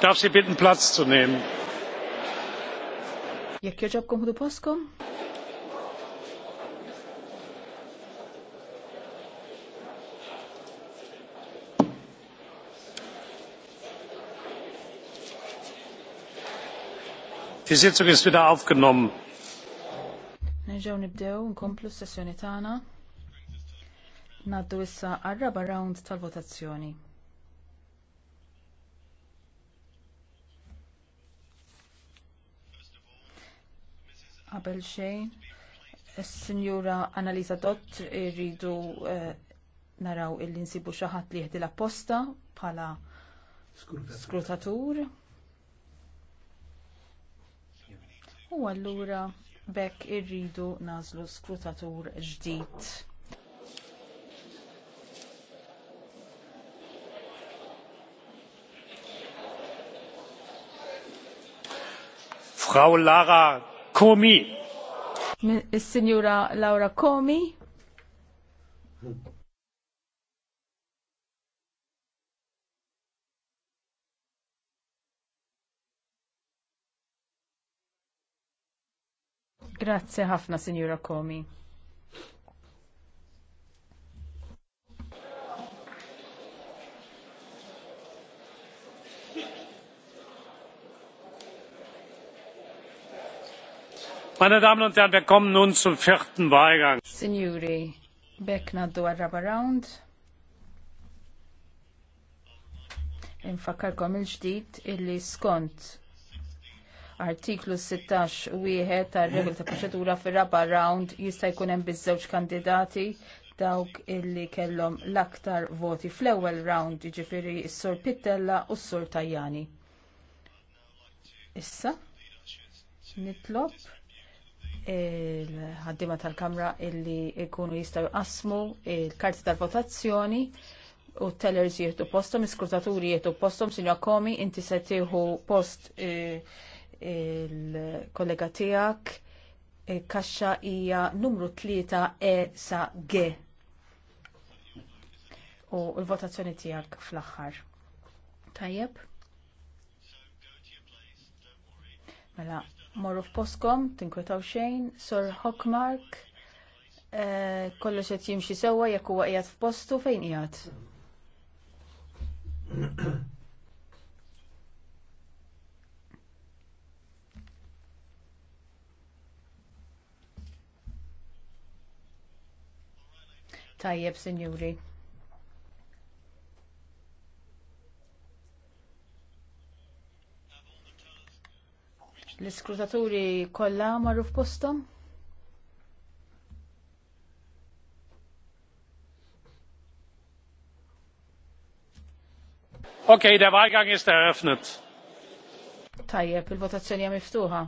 darf Sie bitten, Platz zu nehmen. Jekk joġobkom ħdu poskom? Die Sitzung ist wieder aufgenommen. Nerġaw nibdew nkomplu s-sessjoni tagħna. Naddu issa għarraba round tal-votazzjoni. qabel xejn. Signora Annalisa Dott irridu eh, naraw illi nsibu xi ħadd li jieħdi l-apposta bħala skrutatur. U allura bekk irridu nażlu skrutatur ġdid. Frau Lara Komi. is Laura Komi. Grazie ħafna, signora Komi. Meine Damen und Herren, wir kommen nun zum vierten Wahlgang. Signori, bekk naddu għarraba round. Infakkarkom il-ġdid illi skont artiklu 16 wieħed tar regoli ta' proċedura fir-raba round jista' jkun hemm biż-żewġ kandidati dawk illi kellhom l-aktar voti fl-ewwel round jiġifieri s-Sur Pittella u s-Sur Tajani. Issa nitlob il-ħaddima tal-kamra illi jkunu jistaw jqasmu il-karti tal-votazzjoni u tellers jieħdu postom, iskrutaturi jieħdu postom, sinja komi, inti se tieħu post e, il-kollega tiegħek e, kaxxa hija numru 3 E sa G. U l-votazzjoni tiegħek fl-aħħar. Tajjeb? Mela, morru f'poskom, tinkwetaw xejn, Sor Hockmark, eh, kollox qed jimxi sewwa jekk huwa qiegħed f'postu fejn qiegħed. Tajjeb, sinjuri. L-iskrutaturi kollha marru f'postom? Okay, der Wahlgang ist eröffnet. Tajjeb, il-votazzjoni hija miftuħa.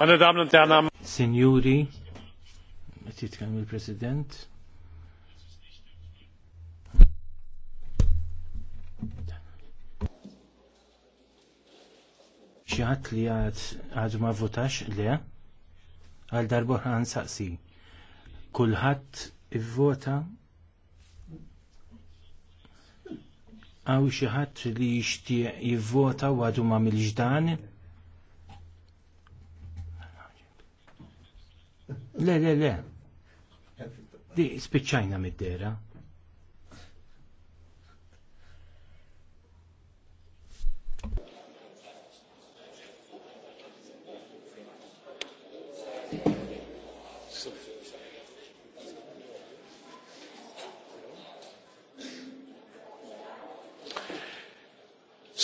Meine Damen und Herren, Signori, titkellem il-President. ċaħat li għad ma votax le, għal darbo ħan saqsi. Kulħat i-vota għaw xaħat li jishtiq jivvota u għadu ma mil-ġdan Le, le, le. Di spiċċajna mid-dera.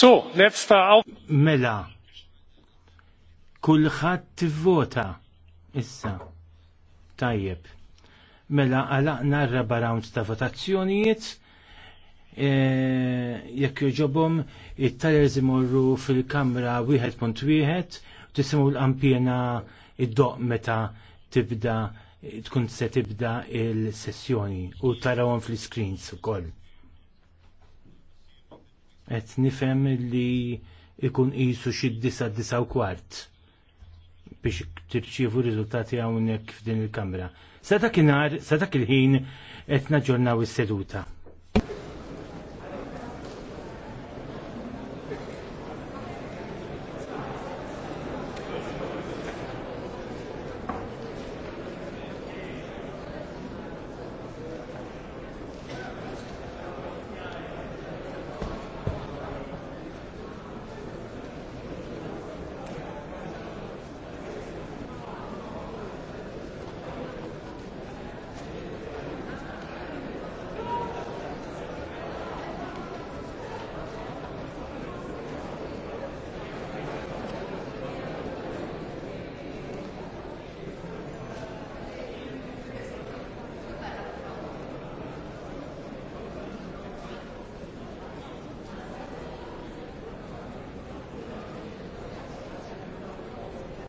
So, let's start out. Mela. Kulħadd vota issa. Tajjeb. Mela għalaqna r-raba rawnd ta' votazzjonijiet, e, jekk joġobom it-tallers imorru fil-kamra wieħed tisimu wieħed, l-ampjena id-doq meta tibda tkun se tibda il-sessjoni u tarawhom fl-screens ukoll. Qed nifhem li ikun qisu xi disa disa u kwart biex tirċivu riżultati hawnhekk f'din il-Kamra. Sa dak il-ħin qed naġġornaw is-seduta.